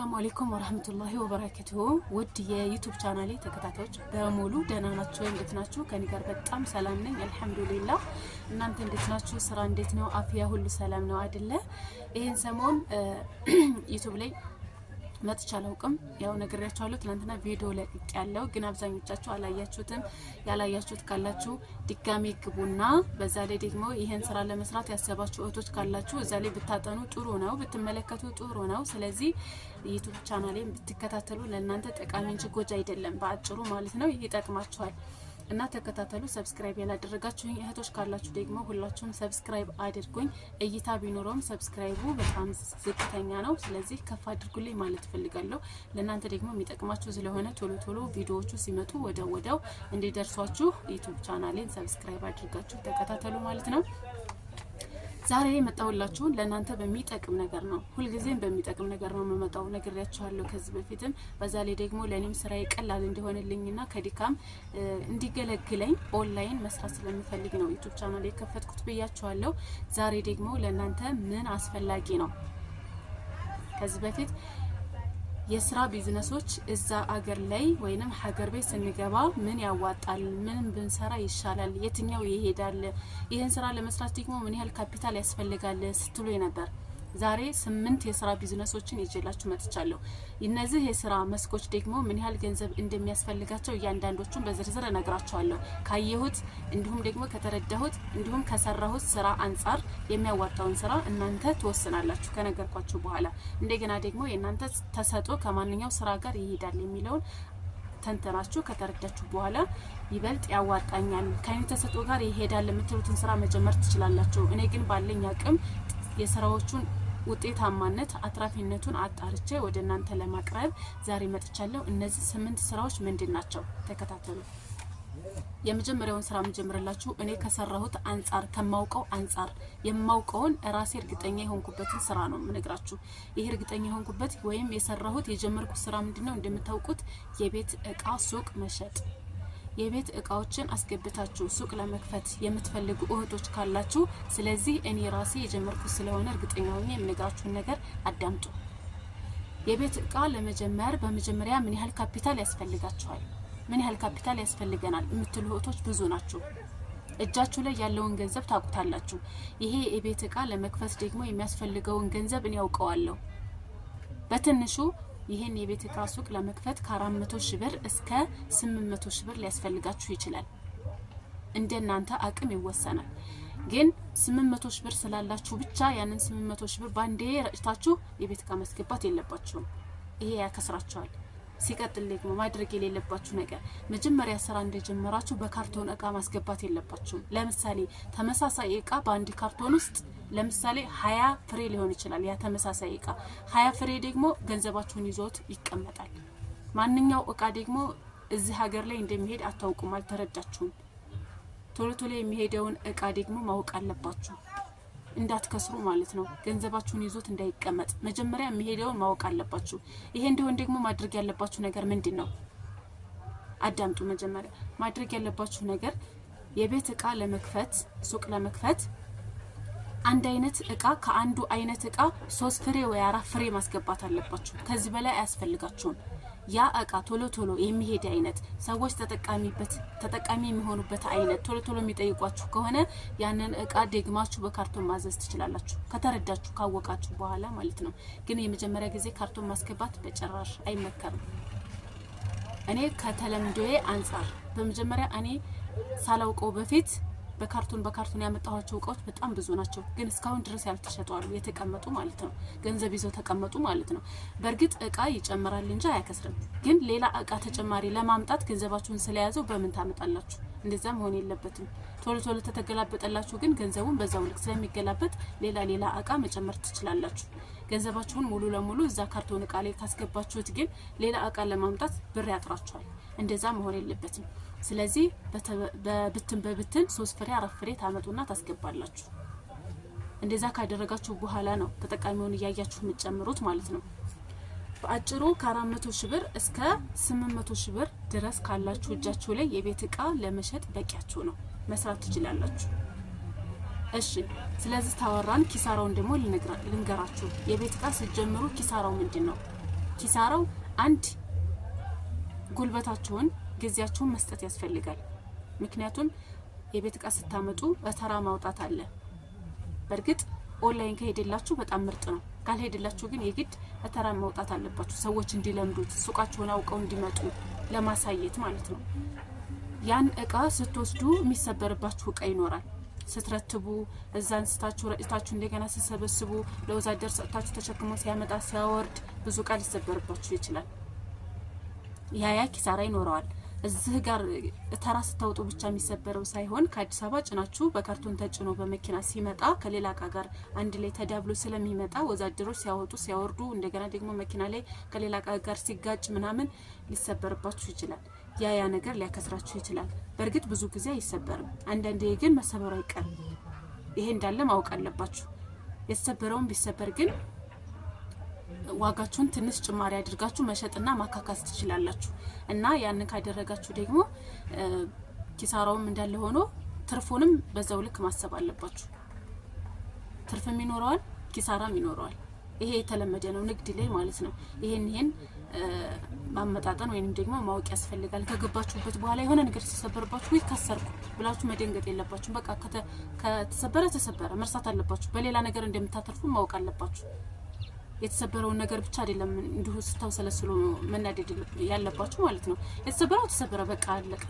ሰላም አለይኩም ወራህመቱላሂ ወበረከቱሁ ውድ የዩቱብ ቻናሌ ተከታታዮች በሙሉ ደህና ናችሁ? እንዴት ናችሁ? ከኔ ጋር በጣም ሰላም ነኝ አልሐምዱሊላህ። እናንተ እንዴት ናችሁ? ስራ እንዴት ነው? አፍያ ሁሉ ሰላም ነው አይደለ? ይሄን ሰሞን ዩቱብ ላይ መጥቼ አላውቅም። ያው ነግሬያችኋለሁ። ትናንትና ቪዲዮ ለቅቅ ያለው ግን አብዛኞቻችሁ አላያችሁትም። ያላያችሁት ካላችሁ ድጋሜ ግቡና በዛ ላይ ደግሞ ይህን ስራ ለመስራት ያሰባችሁ እህቶች ካላችሁ እዛ ላይ ብታጠኑ ጥሩ ነው፣ ብትመለከቱ ጥሩ ነው። ስለዚህ ዩቱብ ቻናሌን ብትከታተሉ ለእናንተ ጠቃሚ እንጂ ጎጂ አይደለም፣ በአጭሩ ማለት ነው። ይጠቅማችኋል። እና ተከታተሉ። ሰብስክራይብ ያላደረጋችሁኝ እህቶች ካላችሁ ደግሞ ሁላችሁም ሰብስክራይብ አድርጉኝ። እይታ ቢኖረውም ሰብስክራይቡ በጣም ዝቅተኛ ነው። ስለዚህ ከፍ አድርጉልኝ ማለት እፈልጋለሁ። ለእናንተ ደግሞ የሚጠቅማችሁ ስለሆነ ቶሎ ቶሎ ቪዲዮዎቹ ሲመጡ ወደ ወደው እንዲደርሷችሁ ዩቱብ ቻናሌን ሰብስክራይብ አድርጋችሁ ተከታተሉ ማለት ነው። ዛሬ የመጣሁላችሁን ለእናንተ በሚጠቅም ነገር ነው። ሁልጊዜም በሚጠቅም ነገር ነው የምመጣው፣ ነግሬያችኋለሁ ከዚህ በፊትም። በዛ ላይ ደግሞ ለእኔም ስራዬ ቀላል እንዲሆንልኝና ከድካም እንዲገለግለኝ ኦንላይን መስራት ስለምፈልግ ነው ዩቱብ ቻናል የከፈትኩት ብያችኋለሁ። ዛሬ ደግሞ ለእናንተ ምን አስፈላጊ ነው ከዚህ በፊት የስራ ቢዝነሶች እዛ አገር ላይ ወይንም ሀገር ቤት ስንገባ ምን ያዋጣል፣ ምን ብንሰራ ይሻላል፣ የትኛው ይሄዳል፣ ይህን ስራ ለመስራት ደግሞ ምን ያህል ካፒታል ያስፈልጋል ስትሉ ነበር። ዛሬ ስምንት የስራ ቢዝነሶችን ይዤላችሁ መጥቻለሁ። እነዚህ የስራ መስኮች ደግሞ ምን ያህል ገንዘብ እንደሚያስፈልጋቸው እያንዳንዶቹን በዝርዝር እነግራችኋለሁ። ካየሁት እንዲሁም ደግሞ ከተረዳሁት እንዲሁም ከሰራሁት ስራ አንጻር የሚያዋጣውን ስራ እናንተ ትወስናላችሁ ከነገርኳችሁ በኋላ። እንደገና ደግሞ የእናንተ ተሰጦ ከማንኛው ስራ ጋር ይሄዳል የሚለውን ተንተናችሁ ከተረዳችሁ በኋላ ይበልጥ ያዋጣኛል ከኔ ጋር ይሄዳል የምትሉትን ስራ መጀመር ትችላላችሁ። እኔ ግን ባለኝ አቅም የስራዎቹን ውጤታማነት አትራፊነቱን አጣርቼ ወደ እናንተ ለማቅረብ ዛሬ መጥቻለሁ። እነዚህ ስምንት ስራዎች ምንድን ናቸው? ተከታተሉ። የመጀመሪያውን ስራ የምጀምርላችሁ እኔ ከሰራሁት አንጻር ከማውቀው አንጻር የማውቀውን ራሴ እርግጠኛ የሆንኩበትን ስራ ነው የምነግራችሁ። ይሄ እርግጠኛ የሆንኩበት ወይም የሰራሁት የጀመርኩት ስራ ምንድነው? እንደምታውቁት የቤት እቃ ሱቅ መሸጥ የቤት እቃዎችን አስገብታችሁ ሱቅ ለመክፈት የምትፈልጉ እህቶች ካላችሁ፣ ስለዚህ እኔ ራሴ የጀመርኩት ስለሆነ እርግጠኛ ሆኜ የምነግራችሁን ነገር አዳምጡ። የቤት እቃ ለመጀመር በመጀመሪያ ምን ያህል ካፒታል ያስፈልጋችኋል፣ ምን ያህል ካፒታል ያስፈልገናል የምትሉ እህቶች ብዙ ናችሁ። እጃችሁ ላይ ያለውን ገንዘብ ታውቁታላችሁ። ይሄ የቤት እቃ ለመክፈት ደግሞ የሚያስፈልገውን ገንዘብ እኔ ያውቀዋለሁ። በትንሹ ይህን የቤት እቃ ሱቅ ለመክፈት ከ400 ሺህ ብር እስከ 800 ሺህ ብር ሊያስፈልጋችሁ ይችላል። እንደናንተ አቅም ይወሰናል። ግን 800 ሺህ ብር ስላላችሁ ብቻ ያንን 800 ሺህ ብር ባንዴ ረጭታችሁ የቤት እቃ መስገባት የለባችሁም። ይሄ ያከስራችኋል። ሲቀጥል ደግሞ ማድረግ የሌለባችሁ ነገር መጀመሪያ ስራ እንደጀመራችሁ በካርቶን እቃ ማስገባት የለባችሁም። ለምሳሌ ተመሳሳይ እቃ በአንድ ካርቶን ውስጥ ለምሳሌ ሀያ ፍሬ ሊሆን ይችላል። ያ ተመሳሳይ እቃ ሀያ ፍሬ ደግሞ ገንዘባችሁን ይዞት ይቀመጣል። ማንኛው እቃ ደግሞ እዚህ ሀገር ላይ እንደሚሄድ አታውቁም፣ አልተረዳችሁም። ቶሎ ቶሎ የሚሄደውን እቃ ደግሞ ማወቅ አለባችሁ። እንዳትከስሩ ማለት ነው። ገንዘባችሁን ይዞት እንዳይቀመጥ መጀመሪያ የሚሄደውን ማወቅ አለባችሁ። ይሄ እንዲሆን ደግሞ ማድረግ ያለባችሁ ነገር ምንድን ነው? አዳምጡ። መጀመሪያ ማድረግ ያለባችሁ ነገር የቤት እቃ ለመክፈት ሱቅ ለመክፈት አንድ አይነት እቃ ከአንዱ አይነት እቃ ሶስት ፍሬ ወይ አራት ፍሬ ማስገባት አለባችሁ። ከዚህ በላይ አያስፈልጋችሁም። ያ እቃ ቶሎ ቶሎ የሚሄድ አይነት ሰዎች ተጠቃሚ የሚሆኑበት አይነት ቶሎ ቶሎ የሚጠይቋችሁ ከሆነ ያንን እቃ ደግማችሁ በካርቶን ማዘዝ ትችላላችሁ፣ ከተረዳችሁ ካወቃችሁ በኋላ ማለት ነው። ግን የመጀመሪያ ጊዜ ካርቶን ማስገባት በጭራሽ አይመከርም። እኔ ከተለምዶዬ አንጻር በመጀመሪያ እኔ ሳላውቀው በፊት በካርቶን በካርቶን ያመጣኋቸው እቃዎች በጣም ብዙ ናቸው፣ ግን እስካሁን ድረስ ያልተሸጧሉ የተቀመጡ ማለት ነው፣ ገንዘብ ይዘው ተቀመጡ ማለት ነው። በእርግጥ እቃ ይጨምራል እንጂ አያከስርም። ግን ሌላ እቃ ተጨማሪ ለማምጣት ገንዘባችሁን ስለያዘው በምን ታመጣላችሁ? እንደዛ መሆን የለበትም። ቶሎ ቶሎ ተተገላበጠላችሁ፣ ግን ገንዘቡን በዛው ልክ ስለሚገላበጥ ሌላ ሌላ እቃ መጨመር ትችላላችሁ። ገንዘባችሁን ሙሉ ለሙሉ እዛ ካርቶን እቃ ላይ ካስገባችሁት ግን ሌላ እቃ ለማምጣት ብር ያጥራችኋል። እንደዛ መሆን የለበትም። ስለዚህ በብትን በብትን ሶስት ፍሬ አራት ፍሬ ታመጡና ታስገባላችሁ። እንደዛ ካደረጋችሁ በኋላ ነው ተጠቃሚውን እያያችሁ የምትጨምሩት ማለት ነው። በአጭሩ ከ መቶ ሺህ ብር እስከ 800 ሺህ ብር ድረስ ካላችሁ እጃችሁ ላይ የቤት እቃ ለመሸጥ በቂያችሁ ነው። መስራት ትችላላችሁ። እሺ ስለዚህ ታወራን። ኪሳራውን ደግሞ ልንገራችሁ። የቤት እቃ ስትጀምሩ ኪሳራው ምንድን ነው? ኪሳራው አንድ ጉልበታችሁን፣ ጊዜያችሁን መስጠት ያስፈልጋል። ምክንያቱም የቤት እቃ ስታመጡ በተራ ማውጣት አለ። በእርግጥ ኦንላይን ከሄደላችሁ በጣም ምርጥ ነው። ካልሄደላችሁ ግን የግድ በተራ ማውጣት አለባችሁ። ሰዎች እንዲለምዱት ሱቃችሁን አውቀው እንዲመጡ ለማሳየት ማለት ነው። ያን እቃ ስትወስዱ የሚሰበርባችሁ እቃ ይኖራል። ስትረትቡ እዛ አንስታችሁ ረጭታችሁ እንደገና ስትሰበስቡ ለወዛደር ሰጥታችሁ ተሸክሞ ሲያመጣ ሲያወርድ ብዙ እቃ ሊሰበርባችሁ ይችላል። ያያ ኪሳራ ይኖረዋል። እዚህ ጋር ተራ ስታወጡ ብቻ የሚሰበረው ሳይሆን ከአዲስ አበባ ጭናችሁ በካርቶን ተጭኖ በመኪና ሲመጣ ከሌላ እቃ ጋር አንድ ላይ ተዳብሎ ስለሚመጣ ወዛደሮች ሲያወጡ ሲያወርዱ እንደገና ደግሞ መኪና ላይ ከሌላ እቃ ጋር ሲጋጭ ምናምን ሊሰበርባችሁ ይችላል። ያ ያ ነገር ሊያከስራችሁ ይችላል። በእርግጥ ብዙ ጊዜ አይሰበርም፣ አንዳንዴ ግን መሰበሩ አይቀርም። ይሄ እንዳለ ማወቅ አለባችሁ። የተሰበረውን ቢሰበር ግን ዋጋችሁን ትንሽ ጭማሪ አድርጋችሁ መሸጥና ማካካስ ትችላላችሁ እና ያንን ካደረጋችሁ ደግሞ ኪሳራውም እንዳለ ሆኖ ትርፉንም በዛው ልክ ማሰብ አለባችሁ። ትርፍም ይኖረዋል፣ ኪሳራም ይኖረዋል። ይሄ የተለመደ ነው ንግድ ላይ ማለት ነው። ይሄን ይሄን ማመጣጠን ወይንም ደግሞ ማወቅ ያስፈልጋል። ከገባችሁበት በኋላ የሆነ ነገር ሲሰበርባችሁ ወይ ከሰርኩ ብላችሁ መደንገጥ የለባችሁም። በቃ ከተሰበረ ተሰበረ መርሳት አለባችሁ። በሌላ ነገር እንደምታተርፉ ማወቅ አለባችሁ። የተሰበረውን ነገር ብቻ አይደለም እንዲሁ ስታውሰለስሎ መናደድ ያለባችሁ ማለት ነው። የተሰበረው ተሰበረ፣ በቃ አለቀ።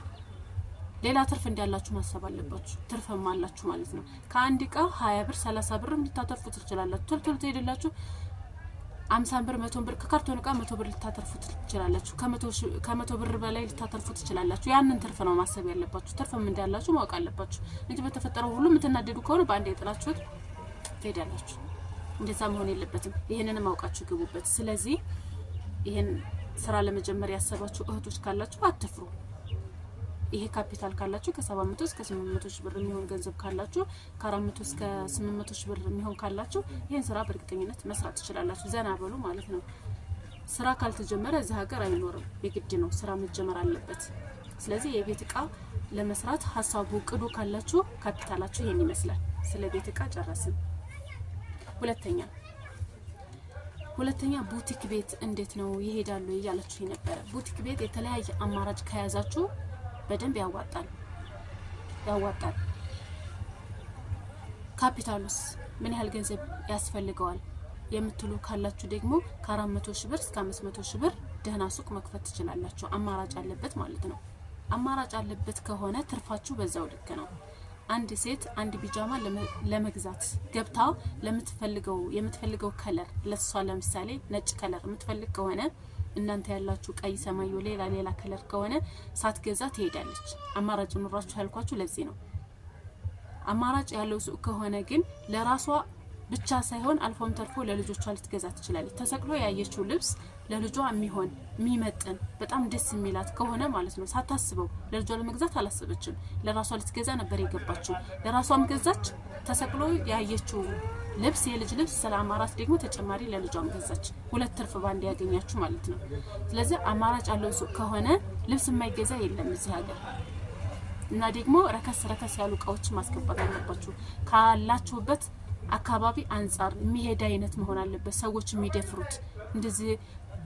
ሌላ ትርፍ እንዳላችሁ ማሰብ አለባችሁ። ትርፍም አላችሁ ማለት ነው። ከአንድ እቃ ሀያ ብር ሰላሳ ብር ልታተርፉ ትችላላችሁ። ቶሎ ሄደላችሁ አምሳን ብር መቶን ብር ከካርቶን እቃ መቶ ብር ልታተርፉ ትችላላችሁ። ከመቶ ብር በላይ ልታተርፉ ትችላላችሁ። ያንን ትርፍ ነው ማሰብ ያለባችሁ። ትርፍም እንዳላችሁ ማወቅ አለባችሁ እንጂ በተፈጠረው ሁሉ የምትናደዱ ከሆነ በአንድ የጥላችሁት ትሄዳላችሁ። እንደዛ መሆን የለበትም። ይህንንም አውቃችሁ ግቡበት። ስለዚህ ይህን ስራ ለመጀመር ያሰባችሁ እህቶች ካላችሁ አትፍሩ። ይሄ ካፒታል ካላችሁ ከ700 እስከ 800 ሺህ ብር የሚሆን ገንዘብ ካላችሁ ከ400 እስከ 800 ሺህ ብር የሚሆን ካላችሁ ይሄን ስራ በእርግጠኝነት መስራት ትችላላችሁ። ዘና በሉ ማለት ነው። ስራ ካልተጀመረ እዚህ ሀገር አይኖርም። የግድ ነው፣ ስራ መጀመር አለበት። ስለዚህ የቤት እቃ ለመስራት ሀሳቡ ቅዱ ካላችሁ ካፒታላችሁ ይሄን ይመስላል። ስለ ቤት እቃ ጨረስን። ሁለተኛ ሁለተኛ ቡቲክ ቤት እንዴት ነው ይሄዳሉ እያላችሁ ነበረ። ቡቲክ ቤት የተለያየ አማራጭ ከያዛችሁ በደንብ ያዋጣል ያዋጣል። ካፒታሉስ ምን ያህል ገንዘብ ያስፈልገዋል የምትሉ ካላችሁ ደግሞ ከ400 ሺህ ብር እስከ 500 ሺህ ብር ደህና ሱቅ መክፈት ትችላላችሁ። አማራጭ አለበት ማለት ነው። አማራጭ አለበት ከሆነ ትርፋችሁ በዛው ልክ ነው። አንድ ሴት አንድ ቢጃማ ለመግዛት ገብታ ለምትፈልገው የምትፈልገው ከለር ለሷ ለምሳሌ ነጭ ከለር የምትፈልግ ከሆነ እናንተ ያላችሁ ቀይ ሰማዩ ሌላ ሌላ ከለር ከሆነ ሳትገዛ ትሄዳለች። አማራጭ ኑሯችሁ ያልኳችሁ ለዚህ ነው። አማራጭ ያለው ሱቅ ከሆነ ግን ለራሷ ብቻ ሳይሆን አልፎም ተርፎ ለልጆቿ ልትገዛ ትችላለች። ተሰቅሎ ያየችው ልብስ ለልጇ የሚሆን የሚመጥን በጣም ደስ የሚላት ከሆነ ማለት ነው። ሳታስበው ለልጇ ለመግዛት አላሰበችም። ለራሷ ልትገዛ ነበር የገባችው። ለራሷም ገዛች። ተሰቅሎ ያየችው ልብስ የልጅ ልብስ ስለ አማራጭ ደግሞ ተጨማሪ ለልጇም ገዛች። ሁለት ትርፍ ባንድ ያገኛችሁ ማለት ነው። ስለዚህ አማራጭ ያለው ሱቅ ከሆነ ልብስ የማይገዛ የለም እዚህ ሀገር። እና ደግሞ ረከስ ረከስ ያሉ እቃዎች ማስገባት አለባችሁ ካላችሁበት አካባቢ አንጻር የሚሄድ አይነት መሆን አለበት። ሰዎች የሚደፍሩት እንደዚህ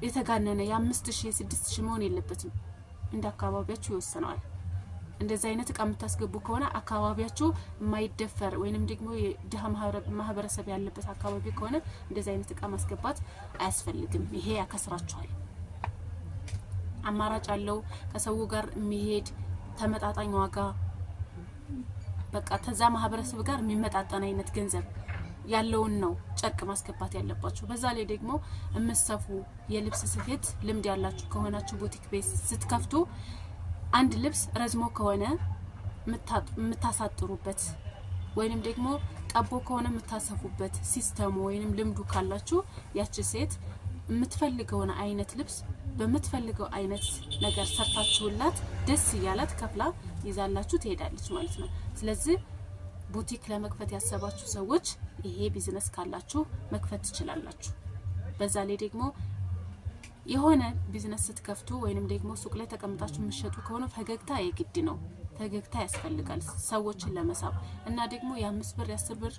የተጋነነ የአምስት ሺ የስድስት ሺ መሆን የለበትም። እንደ አካባቢያችሁ ይወስነዋል። እንደዚህ አይነት እቃ የምታስገቡ ከሆነ አካባቢያችሁ የማይደፈር ወይንም ደግሞ የድሀ ማህበረሰብ ያለበት አካባቢ ከሆነ እንደዚህ አይነት እቃ ማስገባት አያስፈልግም። ይሄ ያከስራችኋል። አማራጭ አለው ከሰው ጋር የሚሄድ ተመጣጣኝ ዋጋ በቃ ከዛ ማህበረሰብ ጋር የሚመጣጠን አይነት ገንዘብ ያለውን ነው ጨርቅ ማስገባት ያለባችሁ። በዛ ላይ ደግሞ የምትሰፉ የልብስ ስፌት ልምድ ያላችሁ ከሆናችሁ ቡቲክ ቤት ስትከፍቱ አንድ ልብስ ረዝሞ ከሆነ የምታሳጥሩበት ወይንም ደግሞ ጠቦ ከሆነ የምታሰፉበት ሲስተሙ ወይንም ልምዱ ካላችሁ ያቺ ሴት የምትፈልገውን አይነት ልብስ በምትፈልገው አይነት ነገር ሰርታችሁላት ደስ እያላት ከፍላ ይዛላችሁ ትሄዳለች ማለት ነው። ስለዚህ ቡቲክ ለመክፈት ያሰባችሁ ሰዎች ይሄ ቢዝነስ ካላችሁ መክፈት ትችላላችሁ። በዛ ላይ ደግሞ የሆነ ቢዝነስ ስትከፍቱ ወይንም ደግሞ ሱቅ ላይ ተቀምጣችሁ የምትሸጡ ከሆነ ፈገግታ የግድ ነው። ፈገግታ ያስፈልጋል ሰዎችን ለመሳብ እና ደግሞ የአምስት ብር የአስር ብር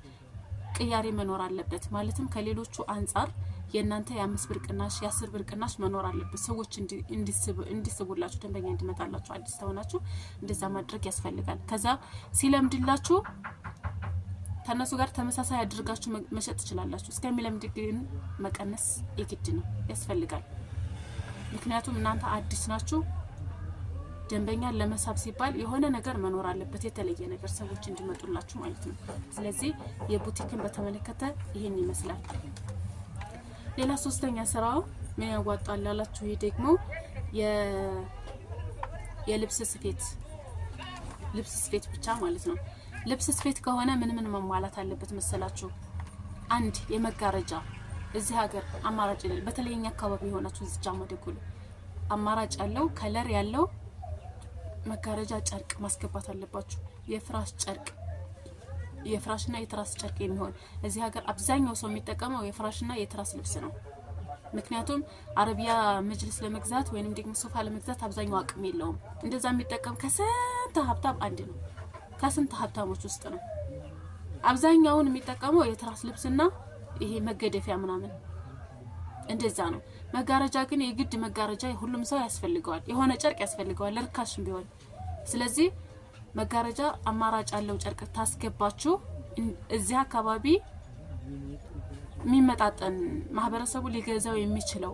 ቅያሬ መኖር አለበት። ማለትም ከሌሎቹ አንጻር የእናንተ የአምስት ብር ቅናሽ የአስር ብር ቅናሽ መኖር አለበት። ሰዎች እንዲስቡላችሁ ደንበኛ እንዲመጣላችሁ አዲስ ተሆናችሁ እንደዛ ማድረግ ያስፈልጋል። ከዛ ሲለምድላችሁ ከእነሱ ጋር ተመሳሳይ አድርጋችሁ መሸጥ ትችላላችሁ። እስከሚለምድ ግን መቀነስ የግድ ነው ያስፈልጋል። ምክንያቱም እናንተ አዲስ ናችሁ። ደንበኛን ለመሳብ ሲባል የሆነ ነገር መኖር አለበት፣ የተለየ ነገር ሰዎች እንዲመጡላችሁ ማለት ነው። ስለዚህ የቡቲክን በተመለከተ ይሄን ይመስላል። ሌላ ሶስተኛ ስራው ምን ያዋጣል ላላችሁ፣ ይህ ደግሞ የልብስ ስፌት ልብስ ስፌት ብቻ ማለት ነው። ልብስ ስፌት ከሆነ ምን ምን መሟላት አለበት መሰላችሁ? አንድ የመጋረጃ እዚህ ሀገር አማራጭ የለ። በተለይ እኛ አካባቢ የሆናችሁ እዚህ ጃማ ደጎል አማራጭ ያለው ከለር ያለው መጋረጃ ጨርቅ ማስገባት አለባችሁ። የፍራሽ ጨርቅ የፍራሽና የትራስ ጨርቅ የሚሆን እዚህ ሀገር አብዛኛው ሰው የሚጠቀመው የፍራሽና የትራስ ልብስ ነው። ምክንያቱም አረቢያ መጅልስ ለመግዛት ወይንም ደግሞ ሶፋ ለመግዛት አብዛኛው አቅም የለውም። እንደዛ የሚጠቀም ከስንት ሀብታም አንድ ነው። ከስንት ሀብታሞች ውስጥ ነው አብዛኛውን የሚጠቀመው የትራስ ልብስና ይሄ መገደፊያ ምናምን እንደዛ ነው። መጋረጃ ግን የግድ መጋረጃ ሁሉም ሰው ያስፈልገዋል፣ የሆነ ጨርቅ ያስፈልገዋል ለርካሽም ቢሆን። ስለዚህ መጋረጃ አማራጭ ያለው ጨርቅ ታስገባችሁ። እዚህ አካባቢ የሚመጣጠን ማህበረሰቡ ሊገዛው የሚችለው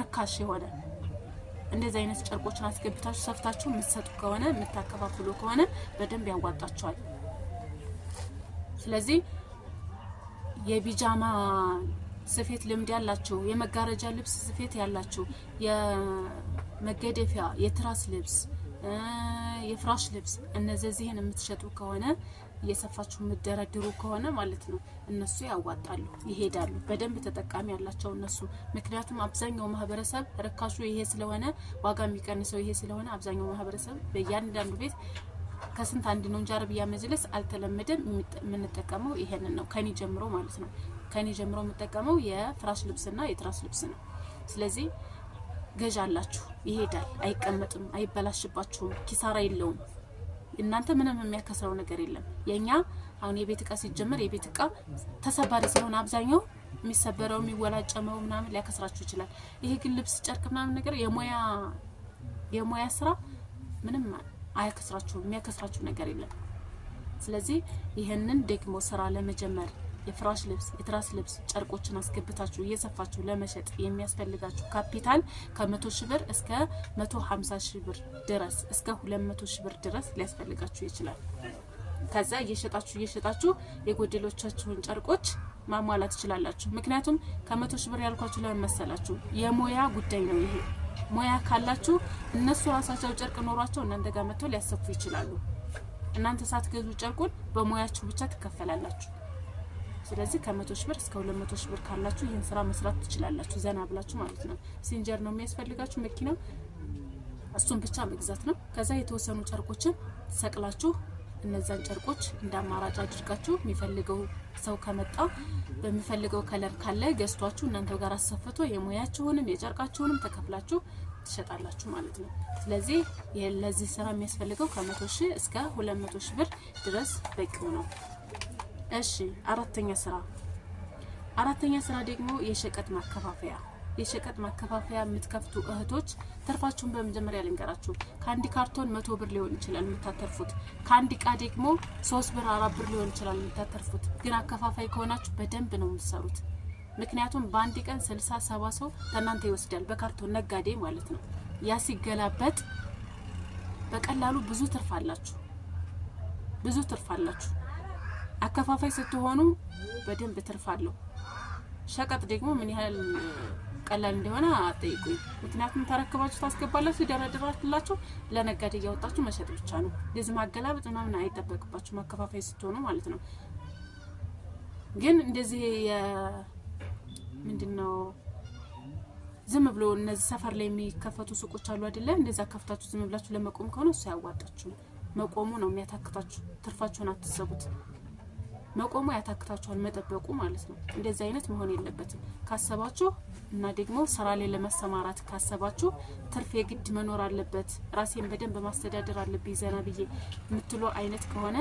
ርካሽ የሆነ እንደዚህ አይነት ጨርቆችን አስገብታችሁ ሰፍታችሁ የምትሰጡ ከሆነ የምታከፋፍሉ ከሆነ በደንብ ያዋጣችኋል። ስለዚህ የቢጃማ ስፌት ልምድ ያላችሁ፣ የመጋረጃ ልብስ ስፌት ያላችሁ፣ የመገደፊያ የትራስ ልብስ፣ የፍራሽ ልብስ እነዚህን የምትሸጡ ከሆነ እየሰፋችሁ የምትደረድሩ ከሆነ ማለት ነው እነሱ ያዋጣሉ፣ ይሄዳሉ። በደንብ ተጠቃሚ ያላቸው እነሱ። ምክንያቱም አብዛኛው ማህበረሰብ ርካሹ ይሄ ስለሆነ ዋጋ የሚቀንሰው ይሄ ስለሆነ አብዛኛው ማህበረሰብ በእያንዳንዱ ቤት ከስንት አንድ ነው እንጂ አረብያ መጅልስ አልተለመደም። የምንጠቀመው ይሄንን ነው ከኔ ጀምሮ ማለት ነው። ከኔ ጀምሮ የምጠቀመው የፍራሽ ልብስና የትራስ ልብስ ነው። ስለዚህ ገዥ አላችሁ፣ ይሄዳል፣ አይቀመጥም፣ አይበላሽባችሁም፣ ኪሳራ የለውም። እናንተ ምንም የሚያከስረው ነገር የለም። የኛ አሁን የቤት እቃ ሲጀመር የቤት እቃ ተሰባሪ ስለሆነ አብዛኛው የሚሰበረው የሚወላጨመው ምናምን ሊያከስራችሁ ይችላል። ይሄ ግን ልብስ፣ ጨርቅ ምናምን ነገር የሙያ የሙያ ስራ ምንም አያከስራችሁም። የሚያከስራችሁ ነገር የለም። ስለዚህ ይህንን ደግሞ ስራ ለመጀመር የፍራሽ ልብስ፣ የትራስ ልብስ ጨርቆችን አስገብታችሁ እየሰፋችሁ ለመሸጥ የሚያስፈልጋችሁ ካፒታል ከመቶ ሺህ ብር እስከ መቶ ሀምሳ ሺህ ብር ድረስ እስከ ሁለት መቶ ሺህ ብር ድረስ ሊያስፈልጋችሁ ይችላል። ከዛ እየሸጣችሁ እየሸጣችሁ የጎደሎቻችሁን ጨርቆች ማሟላት ትችላላችሁ። ምክንያቱም ከመቶ ሺህ ብር ያልኳችሁ ለምን መሰላችሁ? የሙያ ጉዳይ ነው ይሄ ሙያ ካላችሁ እነሱ ራሳቸው ጨርቅ ኖሯቸው እናንተ ጋር መጥተው ሊያሰፉ ይችላሉ። እናንተ ሳትገዙ ጨርቁን በሙያችሁ ብቻ ትከፈላላችሁ። ስለዚህ ከመቶ ሺህ ብር እስከ ሁለት መቶ ሺህ ብር ካላችሁ ይህን ስራ መስራት ትችላላችሁ። ዘና ብላችሁ ማለት ነው። ሲንጀር ነው የሚያስፈልጋችሁ መኪናው፣ እሱን ብቻ መግዛት ነው። ከዛ የተወሰኑ ጨርቆችን ሰቅላችሁ እነዛን ጨርቆች እንደ አማራጭ አድርጋችሁ የሚፈልገው ሰው ከመጣ በሚፈልገው ከለር ካለ ገዝቷችሁ እናንተው ጋር አሰፍቶ የሙያችሁንም የጨርቃችሁንም ተከፍላችሁ ትሸጣላችሁ ማለት ነው። ስለዚህ ለዚህ ስራ የሚያስፈልገው ከመቶ ሺህ እስከ ሁለት መቶ ሺህ ብር ድረስ በቂው ነው። እሺ አራተኛ ስራ አራተኛ ስራ ደግሞ የሸቀጥ ማከፋፈያ የሸቀጥ ማከፋፈያ የምትከፍቱ እህቶች ትርፋችሁን በመጀመሪያ ልንገራችሁ። ከአንድ ካርቶን መቶ ብር ሊሆን ይችላል የምታተርፉት። ከአንድ እቃ ደግሞ ሶስት ብር አራት ብር ሊሆን ይችላል የምታተርፉት። ግን አከፋፋይ ከሆናችሁ በደንብ ነው የምትሰሩት። ምክንያቱም በአንድ ቀን ስልሳ ሰባ ሰው ከእናንተ ይወስዳል፣ በካርቶን ነጋዴ ማለት ነው። ያ ሲገላበጥ በቀላሉ ብዙ ትርፍ አላችሁ፣ ብዙ ትርፍ አላችሁ። አከፋፋይ ስትሆኑ በደንብ ትርፍ አለው። ሸቀጥ ደግሞ ምን ያህል ቀላል እንደሆነ አጠይቁኝ። ምክንያቱም ተረክባችሁ ታስገባላችሁ፣ ደረድራላችሁ፣ ለነጋዴ እያወጣችሁ መሸጥ ብቻ ነው። እንደዚህ ማገላበጥ ምናምን አይጠበቅባችሁ፣ ማከፋፈያ ስትሆኑ ማለት ነው። ግን እንደዚህ ምንድን ነው ዝም ብሎ እነዚህ ሰፈር ላይ የሚከፈቱ ሱቆች አሉ አይደለ? እንደዛ ከፍታችሁ ዝም ብላችሁ ለመቆም ከሆነ እሱ አያዋጣችሁም። መቆሙ ነው የሚያታክታችሁ። ትርፋችሁን አትሰቡት። መቆሙ ያታክታችኋል፣ መጠበቁ ማለት ነው። እንደዚህ አይነት መሆን የለበትም። ካሰባችሁ እና ደግሞ ስራ ላይ ለመሰማራት ካሰባችሁ ትርፍ የግድ መኖር አለበት፣ ራሴን በደንብ ማስተዳደር አለብኝ ዘና ብዬ የምትሉ አይነት ከሆነ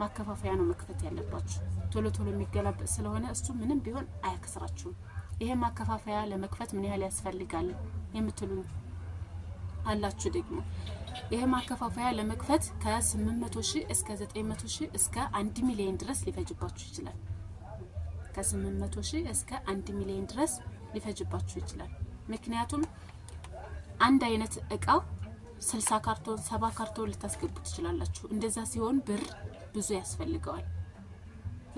ማከፋፈያ ነው መክፈት ያለባችሁ። ቶሎ ቶሎ የሚገላበጥ ስለሆነ እሱ ምንም ቢሆን አያክስራችሁም። ይሄ ማከፋፈያ ለመክፈት ምን ያህል ያስፈልጋል የምትሉ አላችሁ ደግሞ ይህ ማከፋፈያ ለመክፈት ከ800 ሺህ እስከ 900 ሺህ እስከ 1 ሚሊዮን ድረስ ሊፈጅባችሁ ይችላል። ከ800 ሺህ እስከ 1 ሚሊዮን ድረስ ሊፈጅባችሁ ይችላል። ምክንያቱም አንድ አይነት እቃ 60 ካርቶን፣ 70 ካርቶን ልታስገቡ ትችላላችሁ። እንደዛ ሲሆን ብር ብዙ ያስፈልገዋል።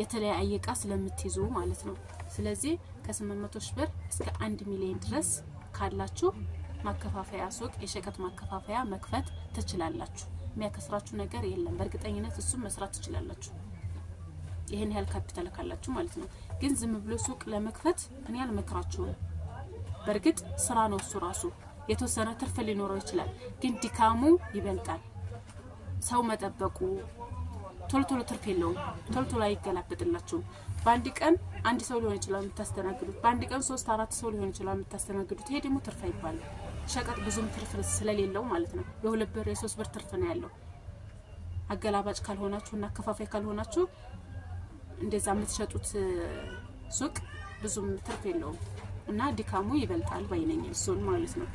የተለያየ እቃ ስለምትይዙ ማለት ነው። ስለዚህ ከ800 ብር እስከ 1 ሚሊዮን ድረስ ካላችሁ ማከፋፈያ ሱቅ፣ የሸቀጥ ማከፋፈያ መክፈት ትችላላችሁ። የሚያከስራችሁ ነገር የለም። በእርግጠኝነት እሱም መስራት ትችላላችሁ፣ ይህን ያህል ካፒታል ካላችሁ ማለት ነው። ግን ዝም ብሎ ሱቅ ለመክፈት እኔ አልመክራችሁም። በእርግጥ ስራ ነው እሱ ራሱ የተወሰነ ትርፍ ሊኖረው ይችላል፣ ግን ድካሙ ይበልጣል። ሰው መጠበቁ ቶሎ ቶሎ ትርፍ የለውም። ቶሎ ቶሎ አይገላበጥላችሁም። በአንድ ቀን አንድ ሰው ሊሆን ይችላል የምታስተናግዱት፣ በአንድ ቀን ሶስት አራት ሰው ሊሆን ይችላል የምታስተናግዱት። ይሄ ደግሞ ትርፍ አይባልም። ሸቀጥ ብዙም ትርፍ ስለሌለው ማለት ነው። የሁለት ብር የሶስት ብር ትርፍ ነው ያለው። አገላባጭ ካልሆናችሁ እና አከፋፋይ ካልሆናችሁ እንደዛ የምትሸጡት ሱቅ ብዙም ትርፍ የለውም እና ድካሙ ይበልጣል ባይነኝ እሱን ማለት ነው።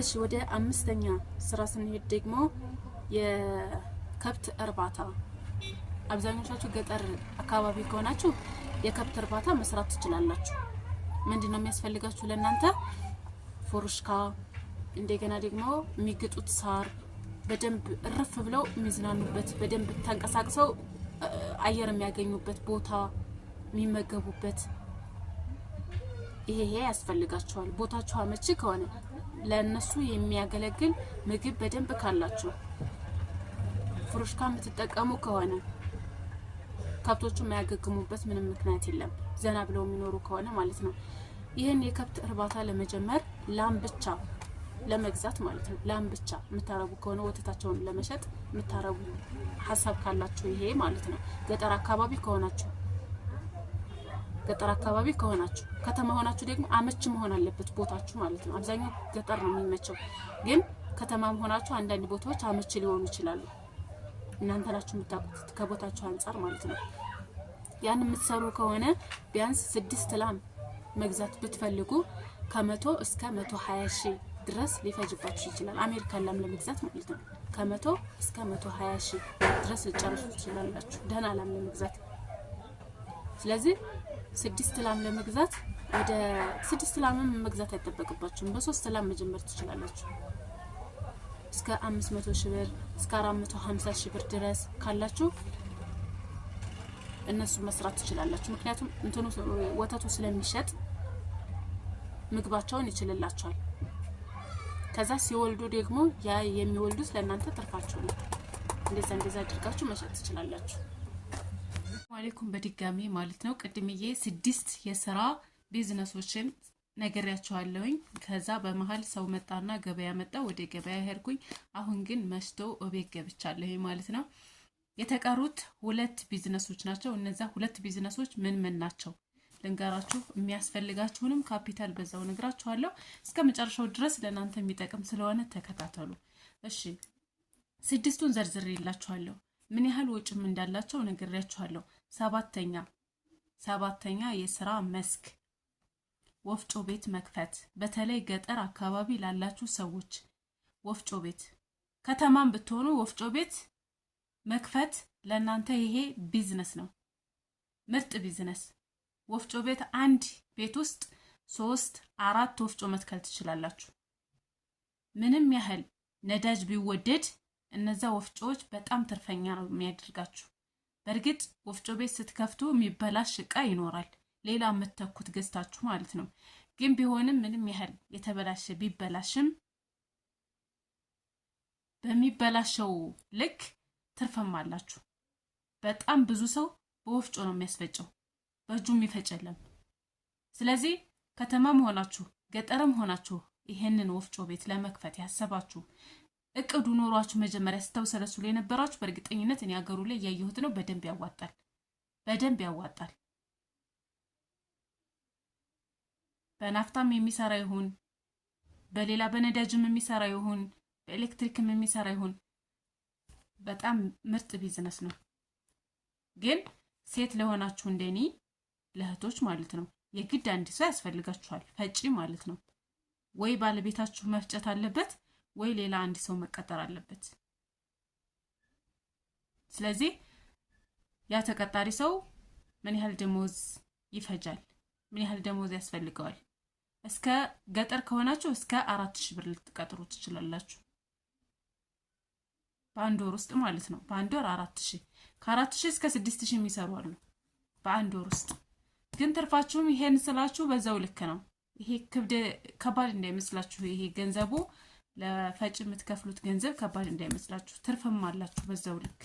እሺ ወደ አምስተኛ ስራ ስንሄድ ደግሞ የከብት እርባታ አብዛኞቻችሁ ገጠር አካባቢ ከሆናችሁ የከብት እርባታ መስራት ትችላላችሁ። ምንድን ነው የሚያስፈልጋችሁ ለእናንተ ፎርሽካ እንደገና ደግሞ የሚግጡት ሳር በደንብ እረፍ ብለው የሚዝናኑበት በደንብ ተንቀሳቅሰው አየር የሚያገኙበት ቦታ የሚመገቡበት ይሄ ያስፈልጋቸዋል። ቦታቸው አመቺ ከሆነ ለእነሱ የሚያገለግል ምግብ በደንብ ካላቸው ፍሩሽካ የምትጠቀሙ ከሆነ ከብቶቹ የማያገግሙበት ምንም ምክንያት የለም። ዘና ብለው የሚኖሩ ከሆነ ማለት ነው። ይህን የከብት እርባታ ለመጀመር ላም ብቻ ለመግዛት ማለት ነው። ላም ብቻ የምታረቡ ከሆነ ወተታቸውን ለመሸጥ የምታረቡ ሀሳብ ካላችሁ ይሄ ማለት ነው። ገጠር አካባቢ ከሆናችሁ ገጠር አካባቢ ከሆናችሁ ከተማ ሆናችሁ ደግሞ አመች መሆን አለበት ቦታችሁ ማለት ነው። አብዛኛው ገጠር ነው የሚመቸው፣ ግን ከተማም ሆናችሁ አንዳንድ ቦታዎች አመች ሊሆኑ ይችላሉ። እናንተ ናችሁ የምታውቁት ከቦታችሁ አንጻር ማለት ነው። ያን የምትሰሩ ከሆነ ቢያንስ ስድስት ላም መግዛት ብትፈልጉ ከመቶ እስከ መቶ ሀያ ሺህ ድረስ ሊፈጅባችሁ ይችላል። አሜሪካን ላም ለመግዛት ማለት ነው። ከመቶ እስከ መቶ ሀያ ሺህ ድረስ ልጨርሱ ትችላላችሁ፣ ደህና ላም ለመግዛት። ስለዚህ ስድስት ላም ለመግዛት ወደ ስድስት ላምም መግዛት አይጠበቅባችሁም። በሶስት ላም መጀመር ትችላላችሁ። እስከ መቶ ሺ ብር እስከ ሀምሳ ሺ ብር ድረስ ካላችሁ እነሱ መስራት ትችላላችሁ። ምክንያቱም እንትኑ ወተቱ ስለሚሸጥ ምግባቸውን ይችልላቸዋል። ከዛ ሲወልዱ ደግሞ ያ የሚወልዱት ለእናንተ ትርፋችሁ ነው። እንደዛ እንደዛ አድርጋችሁ መሸጥ ትችላላችሁ። አሌኩም በድጋሚ ማለት ነው። ቅድምዬ ስድስት የስራ ቢዝነሶችን ነግሬያቸዋለሁኝ። ከዛ በመሀል ሰው መጣና ገበያ መጣ፣ ወደ ገበያ ሄድኩኝ። አሁን ግን መሽቶ እቤት ገብቻለሁ ማለት ነው። የተቀሩት ሁለት ቢዝነሶች ናቸው። እነዛ ሁለት ቢዝነሶች ምን ምን ናቸው? ልንገራችሁ። የሚያስፈልጋችሁንም ካፒታል በዛው ነግራችኋለሁ። እስከ መጨረሻው ድረስ ለእናንተ የሚጠቅም ስለሆነ ተከታተሉ። እሺ ስድስቱን የላችኋለሁ። ምን ያህል ወጭም እንዳላቸው ነግሬያችኋለሁ። ሰባተኛ ሰባተኛ የስራ መስክ ወፍጮ ቤት መክፈት። በተለይ ገጠር አካባቢ ላላችሁ ሰዎች ወፍጮ ቤት፣ ከተማም ብትሆኑ ወፍጮ ቤት መክፈት ለእናንተ ይሄ ቢዝነስ ነው፣ ምርጥ ቢዝነስ ወፍጮ ቤት አንድ ቤት ውስጥ ሶስት አራት ወፍጮ መትከል ትችላላችሁ። ምንም ያህል ነዳጅ ቢወደድ እነዛ ወፍጮዎች በጣም ትርፈኛ ነው የሚያደርጋችሁ። በእርግጥ ወፍጮ ቤት ስትከፍቱ የሚበላሽ እቃ ይኖራል፣ ሌላ የምትተኩት ገዝታችሁ ማለት ነው። ግን ቢሆንም ምንም ያህል የተበላሸ ቢበላሽም በሚበላሸው ልክ ትርፈም አላችሁ። በጣም ብዙ ሰው በወፍጮ ነው የሚያስፈጨው። በእጁ የሚፈጭ የለም። ስለዚህ ከተማም ሆናችሁ ገጠርም ሆናችሁ ይሄንን ወፍጮ ቤት ለመክፈት ያሰባችሁ እቅዱ ኖሯችሁ መጀመሪያ ስተውሰለሱሉ የነበራችሁ በእርግጠኝነት እኔ ሀገሩ ላይ እያየሁት ነው። በደንብ ያዋጣል፣ በደንብ ያዋጣል። በናፍታም የሚሰራ ይሁን በሌላ በነዳጅም የሚሰራ ይሁን በኤሌክትሪክም የሚሰራ ይሁን በጣም ምርጥ ቢዝነስ ነው። ግን ሴት ለሆናችሁ እንደኔ ለእህቶች ማለት ነው። የግድ አንድ ሰው ያስፈልጋችኋል፣ ፈጪ ማለት ነው። ወይ ባለቤታችሁ መፍጨት አለበት፣ ወይ ሌላ አንድ ሰው መቀጠር አለበት። ስለዚህ ያ ተቀጣሪ ሰው ምን ያህል ደሞዝ ይፈጃል፣ ምን ያህል ደሞዝ ያስፈልገዋል። እስከ ገጠር ከሆናችሁ እስከ አራት ሺህ ብር ልትቀጥሩ ትችላላችሁ። በአንድ ወር ውስጥ ማለት ነው። በአንድ ወር አራት ሺህ ከአራት ሺህ እስከ ስድስት ሺህ የሚሰሩ አሉ በአንድ ወር ውስጥ ግን ትርፋችሁም ይሄን ስላችሁ በዛው ልክ ነው። ይሄ ክብደ ከባድ እንዳይመስላችሁ፣ ይሄ ገንዘቡ ለፈጭ የምትከፍሉት ገንዘብ ከባድ እንዳይመስላችሁ፣ ትርፍም አላችሁ በዛው ልክ።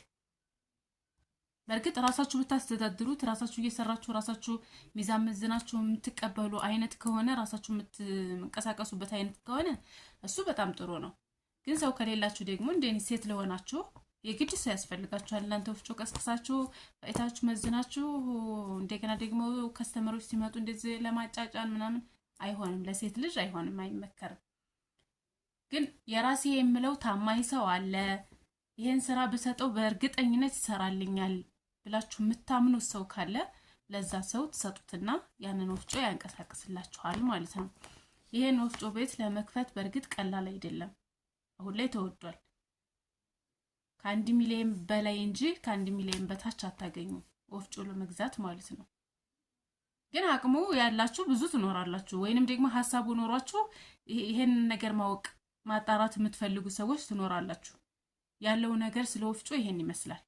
በእርግጥ ራሳችሁ ብታስተዳድሩት ራሳችሁ እየሰራችሁ ራሳችሁ ሚዛን መዝናችሁ የምትቀበሉ አይነት ከሆነ ራሳችሁ የምትንቀሳቀሱበት አይነት ከሆነ እሱ በጣም ጥሩ ነው። ግን ሰው ከሌላችሁ ደግሞ እንደኔ ሴት ለሆናችሁ የግድ ሰው ያስፈልጋችኋል። እናንተ ወፍጮ ቀስቅሳችሁ አይታችሁ መዝናችሁ፣ እንደገና ደግሞ ከስተመሮች ሲመጡ እንደዚህ ለማጫጫን ምናምን አይሆንም፣ ለሴት ልጅ አይሆንም፣ አይመከርም። ግን የራሴ የምለው ታማኝ ሰው አለ፣ ይህን ስራ ብሰጠው በእርግጠኝነት ይሰራልኛል ብላችሁ የምታምኑት ሰው ካለ ለዛ ሰው ትሰጡትና ያንን ወፍጮ ያንቀሳቅስላችኋል ማለት ነው። ይህን ወፍጮ ቤት ለመክፈት በእርግጥ ቀላል አይደለም። አሁን ላይ ተወዷል። ከአንድ ሚሊየን በላይ እንጂ ከአንድ ሚሊየን በታች አታገኙ ወፍጮ ለመግዛት ማለት ነው። ግን አቅሙ ያላችሁ ብዙ ትኖራላችሁ፣ ወይንም ደግሞ ሀሳቡ ኖሯችሁ ይሄን ነገር ማወቅ ማጣራት የምትፈልጉ ሰዎች ትኖራላችሁ። ያለው ነገር ስለ ወፍጮ ይሄን ይመስላል።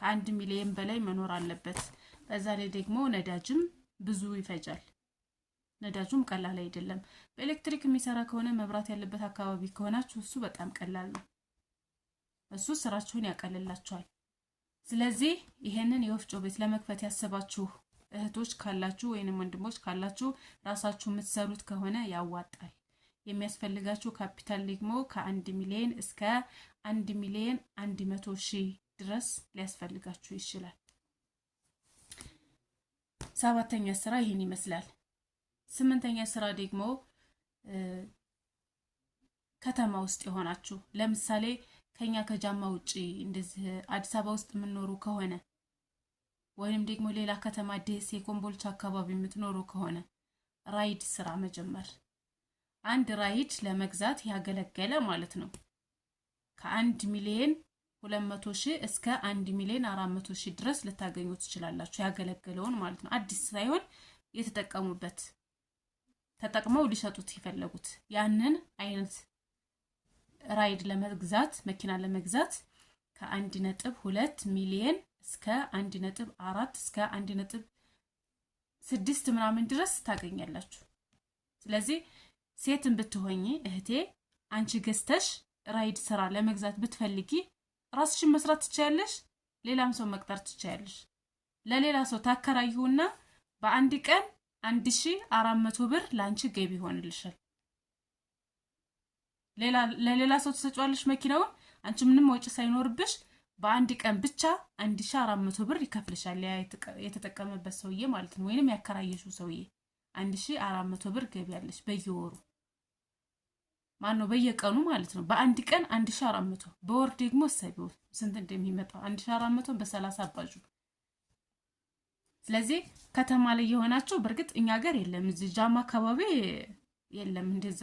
ከአንድ ሚሊየን በላይ መኖር አለበት። በዛ ላይ ደግሞ ነዳጅም ብዙ ይፈጃል። ነዳጁም ቀላል አይደለም። በኤሌክትሪክ የሚሰራ ከሆነ መብራት ያለበት አካባቢ ከሆናችሁ እሱ በጣም ቀላል ነው። እሱ ስራችሁን ያቀልላችኋል። ስለዚህ ይሄንን የወፍጮ ቤት ለመክፈት ያሰባችሁ እህቶች ካላችሁ ወይንም ወንድሞች ካላችሁ ራሳችሁ የምትሰሩት ከሆነ ያዋጣል። የሚያስፈልጋችሁ ካፒታል ደግሞ ከአንድ ሚሊዮን እስከ አንድ ሚሊዮን አንድ መቶ ሺህ ድረስ ሊያስፈልጋችሁ ይችላል። ሰባተኛ ስራ ይህን ይመስላል። ስምንተኛ ስራ ደግሞ ከተማ ውስጥ የሆናችሁ ለምሳሌ ከኛ ከጃማ ውጪ እንደዚህ አዲስ አበባ ውስጥ የምትኖሩ ከሆነ ወይም ደግሞ ሌላ ከተማ ደሴ፣ ኮምቦልቻ አካባቢ የምትኖሩ ከሆነ ራይድ ስራ መጀመር። አንድ ራይድ ለመግዛት ያገለገለ ማለት ነው ከአንድ ሚሊዮን ሁለት መቶ ሺህ እስከ አንድ ሚሊዮን አራት መቶ ሺህ ድረስ ልታገኙ ትችላላችሁ። ያገለገለውን ማለት ነው አዲስ ሳይሆን የተጠቀሙበት ተጠቅመው ሊሸጡት የፈለጉት ያንን አይነት ራይድ ለመግዛት መኪና ለመግዛት ከአንድ ነጥብ ሁለት ሚሊየን እስከ አንድ ነጥብ አራት እስከ አንድ ነጥብ ስድስት ምናምን ድረስ ታገኛላችሁ። ስለዚህ ሴትን ብትሆኚ እህቴ አንቺ ገዝተሽ ራይድ ስራ ለመግዛት ብትፈልጊ ራስሽን መስራት ትችያለሽ። ሌላም ሰው መቅጠር ትችያለሽ። ለሌላ ሰው ታከራይሁና በአንድ ቀን አንድ ሺ አራት መቶ ብር ለአንቺ ገቢ ይሆንልሻል። ለሌላ ሰው ትሰጫዋለሽ መኪናውን አንቺ ምንም ወጪ ሳይኖርብሽ በአንድ ቀን ብቻ አንድ ሺ አራት መቶ ብር ይከፍልሻል። ያ የተጠቀመበት ሰውዬ ማለት ነው፣ ወይንም ያከራየሽው ሰውዬ አንድ ሺ አራት መቶ ብር ገቢያለሽ በየወሩ ማን ነው በየቀኑ ማለት ነው። በአንድ ቀን አንድ ሺ አራት መቶ በወር ደግሞ ሰቢው ስንት እንደሚመጣው አንድ ሺ አራት መቶ በሰላሳ አባጁ። ስለዚህ ከተማ ላይ የሆናቸው በእርግጥ እኛ ሀገር የለም፣ እዚህ ጃማ አካባቢ የለም እንደዛ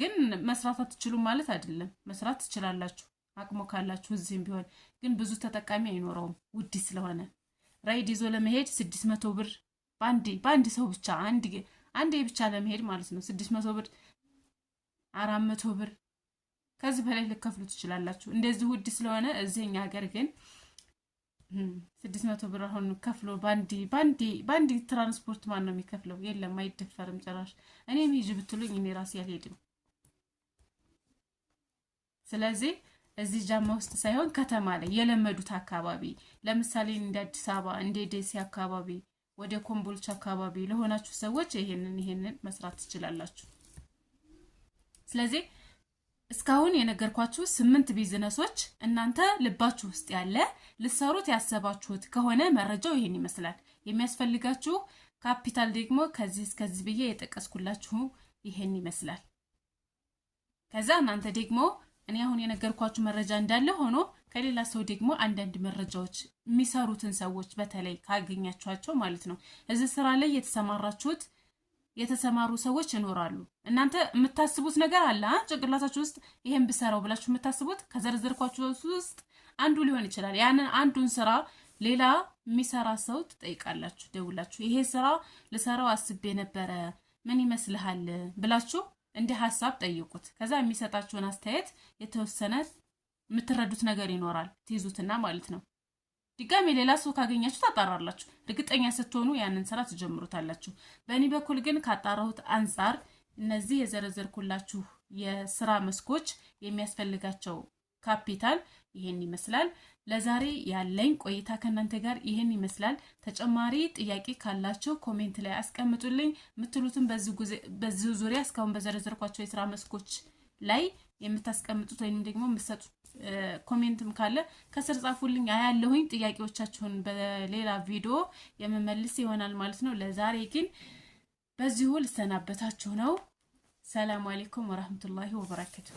ግን መስራት አትችሉም ማለት አይደለም። መስራት ትችላላችሁ፣ አቅሞ ካላችሁ እዚህም ቢሆን ግን ብዙ ተጠቃሚ አይኖረውም ውድ ስለሆነ። ራይድ ይዞ ለመሄድ ስድስት መቶ ብር በአንዴ በአንድ ሰው ብቻ አንድ አንዴ ብቻ ለመሄድ ማለት ነው። ስድስት መቶ ብር አራት መቶ ብር ከዚህ በላይ ልከፍሉ ትችላላችሁ። እንደዚህ ውድ ስለሆነ እዚህኛ ሀገር ግን ስድስት መቶ ብር አሁን ከፍሎ በአንዴ በአንዴ ባንዲ ትራንስፖርት ማን ነው የሚከፍለው? የለም አይደፈርም ጭራሽ። እኔም ይዤ ብትሉኝ እኔ ራሴ አልሄድም። ስለዚህ እዚህ ጃማ ውስጥ ሳይሆን ከተማ ላይ የለመዱት አካባቢ ለምሳሌ እንደ አዲስ አበባ እንደ ደሴ አካባቢ ወደ ኮምቦልች አካባቢ ለሆናችሁ ሰዎች ይሄንን ይሄንን መስራት ትችላላችሁ። ስለዚህ እስካሁን የነገርኳችሁ ስምንት ቢዝነሶች እናንተ ልባችሁ ውስጥ ያለ ልሰሩት ያሰባችሁት ከሆነ መረጃው ይሄን ይመስላል። የሚያስፈልጋችሁ ካፒታል ደግሞ ከዚህ እስከዚህ ብዬ የጠቀስኩላችሁ ይሄን ይመስላል። ከዛ እናንተ ደግሞ እኔ አሁን የነገርኳችሁ መረጃ እንዳለ ሆኖ ከሌላ ሰው ደግሞ አንዳንድ መረጃዎች የሚሰሩትን ሰዎች በተለይ ካገኛችኋቸው ማለት ነው። እዚህ ስራ ላይ የተሰማራችሁት የተሰማሩ ሰዎች ይኖራሉ። እናንተ የምታስቡት ነገር አለ ጭንቅላታችሁ ውስጥ ይሄን ብሰራው ብላችሁ የምታስቡት ከዘርዘርኳችሁ ውስጥ አንዱ ሊሆን ይችላል። ያንን አንዱን ስራ ሌላ የሚሰራ ሰው ትጠይቃላችሁ፣ ደውላችሁ ይሄ ስራ ልሰራው አስቤ ነበረ ምን ይመስልሃል ብላችሁ እንደ ሀሳብ ጠይቁት። ከዛ የሚሰጣችሁን አስተያየት የተወሰነ የምትረዱት ነገር ይኖራል ትይዙትና ማለት ነው። ድጋሜ ሌላ ሰው ካገኛችሁ ታጣራላችሁ። እርግጠኛ ስትሆኑ ያንን ስራ ትጀምሩታላችሁ። በእኔ በኩል ግን ካጣራሁት አንጻር እነዚህ የዘረዘርኩላችሁ የስራ መስኮች የሚያስፈልጋቸው ካፒታል ይሄን ይመስላል። ለዛሬ ያለኝ ቆይታ ከእናንተ ጋር ይሄን ይመስላል። ተጨማሪ ጥያቄ ካላቸው ኮሜንት ላይ አስቀምጡልኝ። የምትሉትን በዚሁ ዙሪያ እስካሁን በዘረዘርኳቸው የስራ መስኮች ላይ የምታስቀምጡት ወይም ደግሞ የምትሰጡት ኮሜንትም ካለ ከስር ጻፉልኝ፣ አያለሁኝ። ጥያቄዎቻችሁን በሌላ ቪዲዮ የምመልስ ይሆናል ማለት ነው። ለዛሬ ግን በዚሁ ልሰናበታችሁ ነው። ሰላም አሌይኩም ወራህመቱላሂ ወበረከቱ።